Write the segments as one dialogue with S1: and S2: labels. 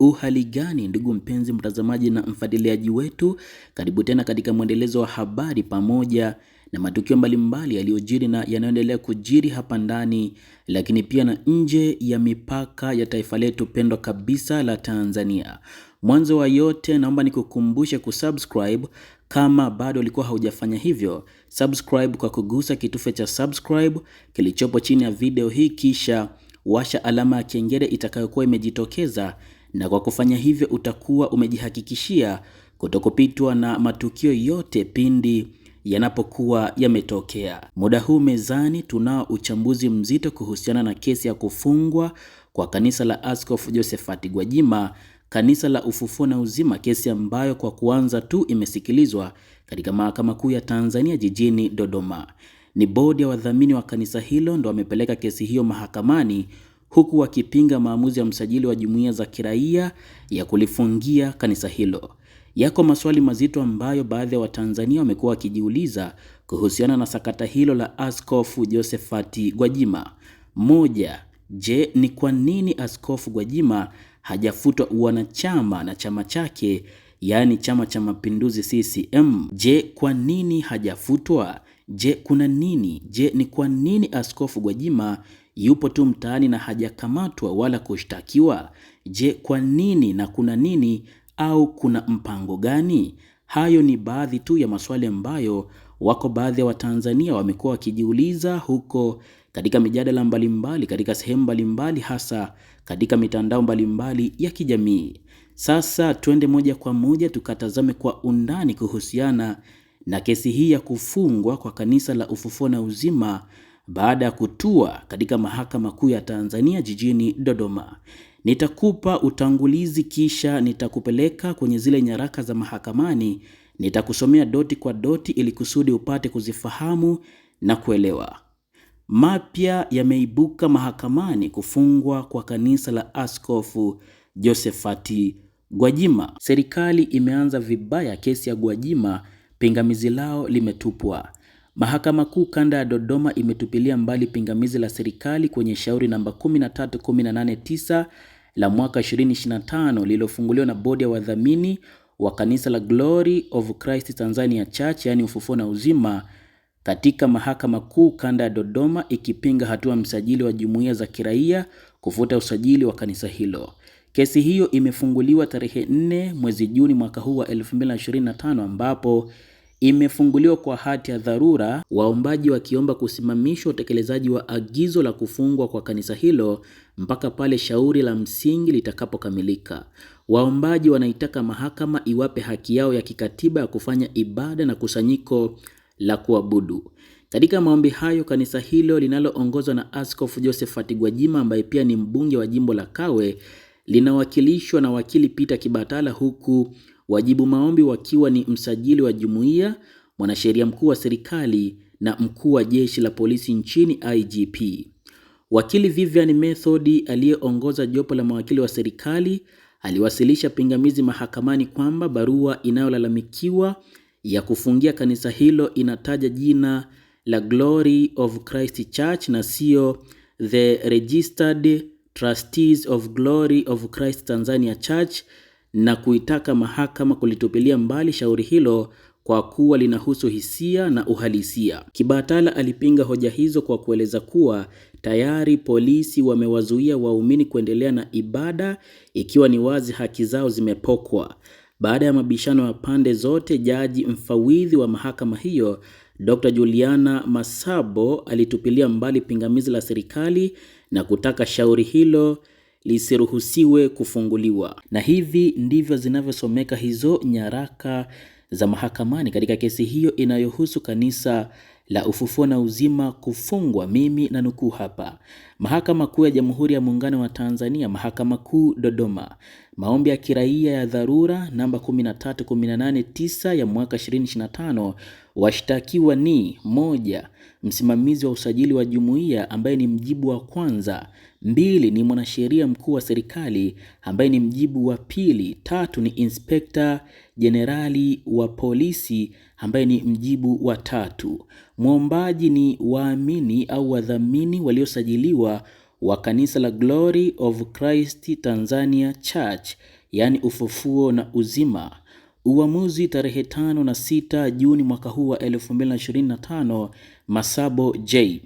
S1: Uhali gani ndugu mpenzi mtazamaji na mfuatiliaji wetu, karibu tena katika mwendelezo wa habari pamoja na matukio mbalimbali yaliyojiri na yanayoendelea kujiri hapa ndani, lakini pia na nje ya mipaka ya taifa letu pendwa kabisa la Tanzania. Mwanzo wa yote, naomba nikukumbushe kusubscribe kama bado ulikuwa haujafanya hivyo. Subscribe kwa kugusa kitufe cha subscribe kilichopo chini ya video hii, kisha washa alama ya kengele itakayokuwa imejitokeza na kwa kufanya hivyo utakuwa umejihakikishia kutokupitwa na matukio yote pindi yanapokuwa yametokea. Muda huu mezani tunao uchambuzi mzito kuhusiana na kesi ya kufungwa kwa kanisa la Askofu Josephat Gwajima, kanisa la Ufufuo na Uzima, kesi ambayo kwa kuanza tu imesikilizwa katika Mahakama Kuu ya Tanzania jijini Dodoma. Ni bodi ya wadhamini wa kanisa hilo ndo wamepeleka kesi hiyo mahakamani huku wakipinga maamuzi ya msajili wa jumuiya za kiraia ya kulifungia kanisa hilo. Yako maswali mazito ambayo baadhi ya Watanzania wamekuwa wakijiuliza kuhusiana na sakata hilo la Askofu Josephati Gwajima. Moja, je, ni kwa nini Askofu Gwajima hajafutwa uanachama na chama chake yaani Chama cha Mapinduzi CCM? Je, kwa nini hajafutwa? Je, kuna nini? Je, ni kwa nini Askofu Gwajima yupo tu mtaani na hajakamatwa wala kushtakiwa? Je, kwa nini na kuna nini au kuna mpango gani? Hayo ni baadhi tu ya maswali ambayo wako baadhi ya Watanzania wamekuwa wakijiuliza huko katika mijadala mbalimbali katika sehemu mbalimbali hasa katika mitandao mbalimbali ya kijamii. Sasa twende moja kwa moja tukatazame kwa undani kuhusiana na kesi hii ya kufungwa kwa kanisa la Ufufuo na Uzima baada ya kutua katika Mahakama Kuu ya Tanzania jijini Dodoma. Nitakupa utangulizi kisha nitakupeleka kwenye zile nyaraka za mahakamani. Nitakusomea doti kwa doti ili kusudi upate kuzifahamu na kuelewa. Mapya yameibuka mahakamani kufungwa kwa kanisa la Askofu josefati Gwajima. Serikali imeanza vibaya kesi ya Gwajima, pingamizi lao limetupwa. Mahakama Kuu Kanda ya Dodoma imetupilia mbali pingamizi la serikali kwenye shauri namba 13189 la mwaka 2025 lililofunguliwa na bodi ya wadhamini wa kanisa la Glory of Christ Tanzania Church, yaani ufufuo na uzima, katika Mahakama Kuu Kanda ya Dodoma ikipinga hatua msajili wa jumuiya za kiraia kufuta usajili wa kanisa hilo. Kesi hiyo imefunguliwa tarehe 4 mwezi Juni mwaka huu wa 2025 ambapo imefunguliwa kwa hati ya dharura, waombaji wakiomba kusimamishwa utekelezaji wa agizo la kufungwa kwa kanisa hilo mpaka pale shauri la msingi litakapokamilika. Waombaji wanaitaka mahakama iwape haki yao ya kikatiba ya kufanya ibada na kusanyiko la kuabudu. Katika maombi hayo, kanisa hilo linaloongozwa na Askofu Josephat Gwajima ambaye pia ni mbunge wa jimbo la Kawe linawakilishwa na wakili Peter Kibatala huku Wajibu maombi wakiwa ni msajili wa jumuiya, mwanasheria mkuu wa serikali na mkuu wa jeshi la polisi nchini IGP. Wakili Vivian Methodi aliyeongoza jopo la mawakili wa serikali aliwasilisha pingamizi mahakamani kwamba barua inayolalamikiwa ya kufungia kanisa hilo inataja jina la Glory of Christ Church na sio The Registered Trustees of Glory of Christ Tanzania Church na kuitaka mahakama kulitupilia mbali shauri hilo kwa kuwa linahusu hisia na uhalisia. Kibatala alipinga hoja hizo kwa kueleza kuwa tayari polisi wamewazuia waumini kuendelea na ibada ikiwa ni wazi haki zao zimepokwa. Baada ya mabishano ya pande zote, jaji mfawidhi wa mahakama hiyo Dr. Juliana Masabo alitupilia mbali pingamizi la serikali na kutaka shauri hilo lisiruhusiwe kufunguliwa. Na hivi ndivyo zinavyosomeka hizo nyaraka za mahakamani katika kesi hiyo inayohusu kanisa la Ufufuo na Uzima kufungwa. Mimi na nukuu hapa: Mahakama Kuu ya Jamhuri ya Muungano wa Tanzania, Mahakama Kuu Dodoma, Maombi ya kiraia ya dharura namba 13189 ya mwaka 2025, washtakiwa ni moja, msimamizi wa usajili wa jumuiya ambaye ni mjibu wa kwanza; mbili, ni mwanasheria mkuu wa serikali ambaye ni mjibu wa pili; tatu, ni inspekta jenerali wa polisi ambaye ni mjibu wa tatu. Mwombaji ni waamini au wadhamini waliosajiliwa wa kanisa la Glory of Christ Tanzania Church, yaani ufufuo na uzima. Uamuzi tarehe tano na sita Juni mwaka huu wa 2025, Masabo J.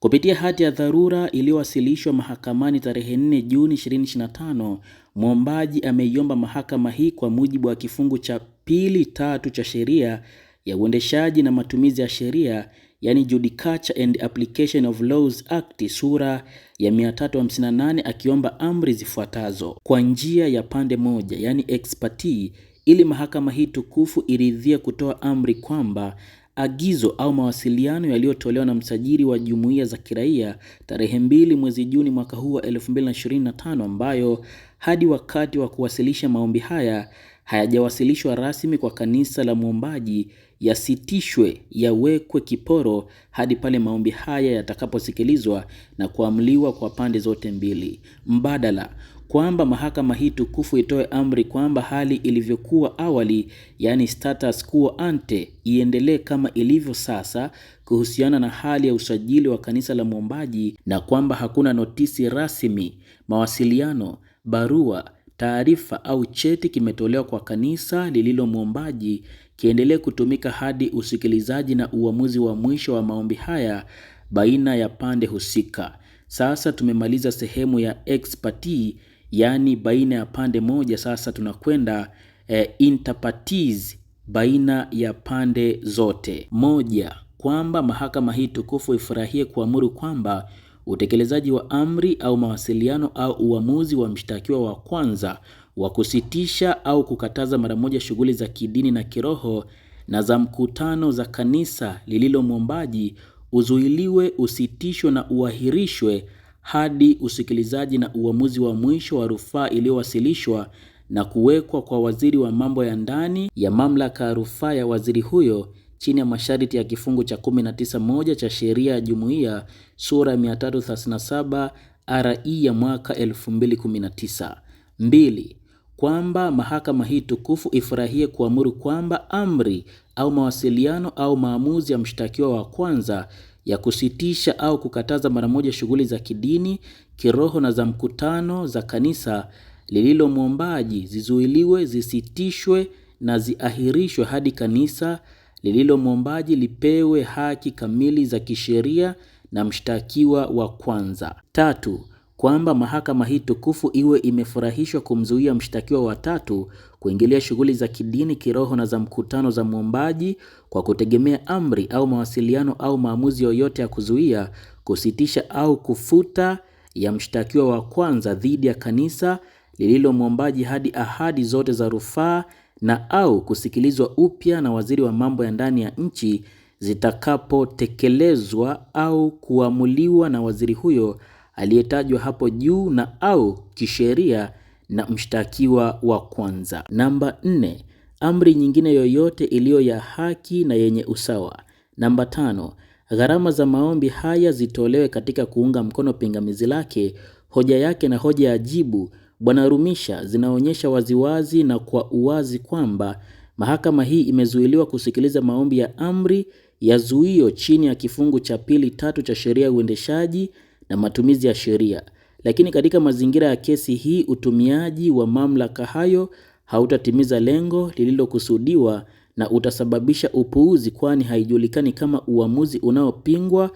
S1: Kupitia hati ya dharura iliyowasilishwa mahakamani tarehe 4 Juni 2025, mwombaji ameiomba mahakama hii kwa mujibu wa kifungu cha pili tatu cha sheria ya uendeshaji na matumizi ya sheria yani Judicature and Application of Laws Act sura ya 358 akiomba amri zifuatazo kwa njia ya pande moja, yani ex parte, ili mahakama hii tukufu iridhie kutoa amri kwamba agizo au mawasiliano yaliyotolewa na msajili wa jumuiya za kiraia tarehe mbili mwezi Juni mwaka huu wa 2025 ambayo hadi wakati wa kuwasilisha maombi haya hayajawasilishwa rasmi kwa kanisa la mwombaji yasitishwe, yawekwe kiporo hadi pale maombi haya yatakaposikilizwa na kuamliwa kwa pande zote mbili. Mbadala kwamba mahakama hii tukufu itoe amri kwamba hali ilivyokuwa awali, yaani status quo ante, iendelee kama ilivyo sasa kuhusiana na hali ya usajili wa kanisa la Mwombaji, na kwamba hakuna notisi rasmi, mawasiliano, barua taarifa au cheti kimetolewa kwa kanisa lililo mwombaji kiendelee kutumika hadi usikilizaji na uamuzi wa mwisho wa maombi haya baina ya pande husika. Sasa tumemaliza sehemu ya ex parte, yaani baina ya pande moja. Sasa tunakwenda eh, inter partes, baina ya pande zote. Moja, kwamba mahakama hii tukufu ifurahie kuamuru kwamba utekelezaji wa amri au mawasiliano au uamuzi wa mshtakiwa wa kwanza wa kusitisha au kukataza mara moja shughuli za kidini na kiroho na za mkutano za kanisa lililo mwombaji uzuiliwe, usitishwe na uahirishwe hadi usikilizaji na uamuzi wa mwisho wa rufaa iliyowasilishwa na kuwekwa kwa waziri wa mambo ya ndani ya mamlaka ya rufaa ya waziri huyo chini ya masharti ya kifungu cha 19(1) cha sheria ya jumuiya sura 337 RE ya mwaka 2019. Mbili, kwamba mahakama hii tukufu ifurahie kuamuru kwamba amri au mawasiliano au maamuzi ya mshtakiwa wa kwanza ya kusitisha au kukataza mara moja shughuli za kidini, kiroho na za mkutano za kanisa lililo mwombaji zizuiliwe, zisitishwe na ziahirishwe hadi kanisa lililo mwombaji lipewe haki kamili za kisheria na mshtakiwa wa kwanza. Tatu, kwamba mahakama hii tukufu iwe imefurahishwa kumzuia mshtakiwa wa tatu kuingilia shughuli za kidini, kiroho na za mkutano za mwombaji kwa kutegemea amri au mawasiliano au maamuzi yoyote ya kuzuia, kusitisha au kufuta ya mshtakiwa wa kwanza dhidi ya kanisa lililo mwombaji hadi ahadi zote za rufaa na au kusikilizwa upya na waziri wa mambo ya ndani ya nchi zitakapotekelezwa au kuamuliwa na waziri huyo aliyetajwa hapo juu na au kisheria na mshtakiwa wa kwanza. Namba nne, amri nyingine yoyote iliyo ya haki na yenye usawa. Namba tano, gharama za maombi haya zitolewe katika kuunga mkono pingamizi lake, hoja yake na hoja ya jibu Bwana Rumisha zinaonyesha waziwazi na kwa uwazi kwamba mahakama hii imezuiliwa kusikiliza maombi ya amri ya zuio chini ya kifungu cha pili tatu cha sheria ya uendeshaji na matumizi ya sheria. Lakini katika mazingira ya kesi hii, utumiaji wa mamlaka hayo hautatimiza lengo lililokusudiwa na utasababisha upuuzi, kwani haijulikani kama uamuzi unaopingwa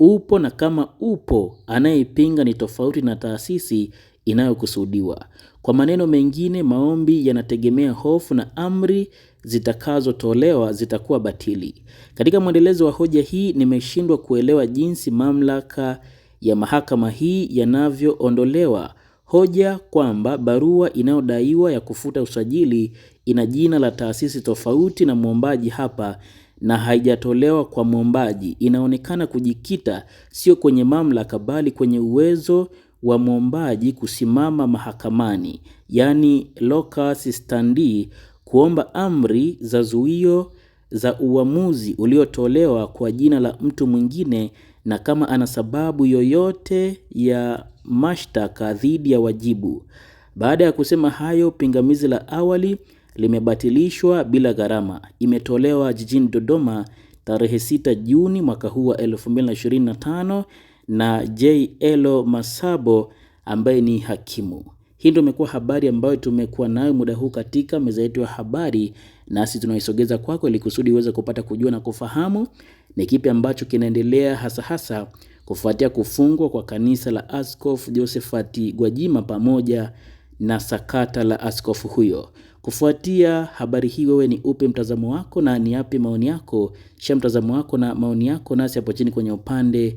S1: upo na kama upo, anayeipinga ni tofauti na taasisi inayokusudiwa. Kwa maneno mengine, maombi yanategemea hofu na amri zitakazotolewa zitakuwa batili. Katika mwendelezo wa hoja hii, nimeshindwa kuelewa jinsi mamlaka ya mahakama hii yanavyoondolewa hoja kwamba barua inayodaiwa ya kufuta usajili ina jina la taasisi tofauti na mwombaji hapa na haijatolewa kwa mwombaji. Inaonekana kujikita sio kwenye mamlaka bali kwenye uwezo wa mwombaji kusimama mahakamani, yani locus standi, kuomba amri za zuio za uamuzi uliotolewa kwa jina la mtu mwingine na kama ana sababu yoyote ya mashtaka dhidi ya wajibu. Baada ya kusema hayo, pingamizi la awali limebatilishwa bila gharama. Imetolewa jijini Dodoma tarehe 6 Juni mwaka huu wa 2025 na JL Masabo ambaye ni hakimu. Hii ndio imekuwa habari ambayo tumekuwa nayo muda huu katika meza yetu ya habari, nasi tunaisogeza kwako ili kusudi uweze kupata kujua na kufahamu ni kipi ambacho kinaendelea hasa hasa kufuatia kufungwa kwa kanisa la Askofu Josephat Gwajima pamoja na sakata la askofu huyo. Kufuatia habari hii, wewe ni upe mtazamo wako na ni yapi maoni yako? Shia mtazamo wako na maoni yako nasi hapo chini kwenye upande